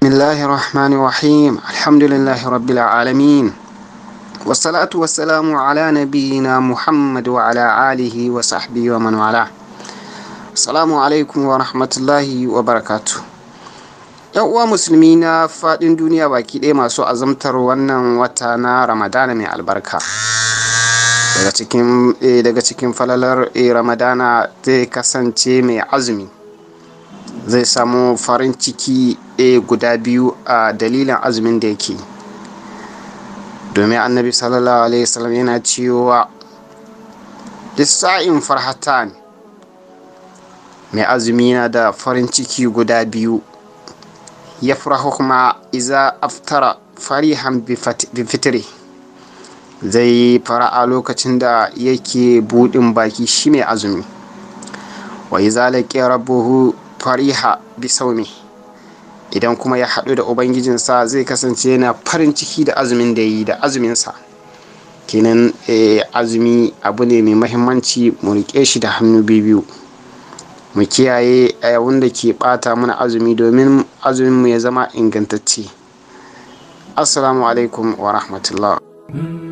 بسم الله الرحمن الرحيم الحمد لله رب العالمين والصلاة والسلام على نبينا محمد وعلى آله وصحبه ومن والاه السلام عليكم ورحمة الله وبركاته ‘Yan uwa musulmi na faɗin duniya baki ɗaya masu azamtar wannan wata na Ramadana mai albarka. Daga cikin eh, falalar eh, Ramadana zai kasance mai azumi. zai samu farin ciki e guda biyu a dalilin azumin da yake domin annabi sallallahu alaihi wasallam yana cewa lissa'in farhatan mai azumi na da farin ciki guda biyu ya kuma iza aftara farihan bifitri zai yi fara'a lokacin da yake buɗin baki shi mai azumi wa iza laƙi rabuhu fariha bi saumi idan kuma ya haɗu da ubangijinsa zai kasance yana farin ciki da azumin da ya yi da azuminsa kenan eh, azumi abu ne mai mahimmanci mu riƙe shi da hannu biyu mu kiyaye eh, da ke ɓata mana azumi domin azumin mu ya zama ingantacce assalamu alaikum wa rahmatullah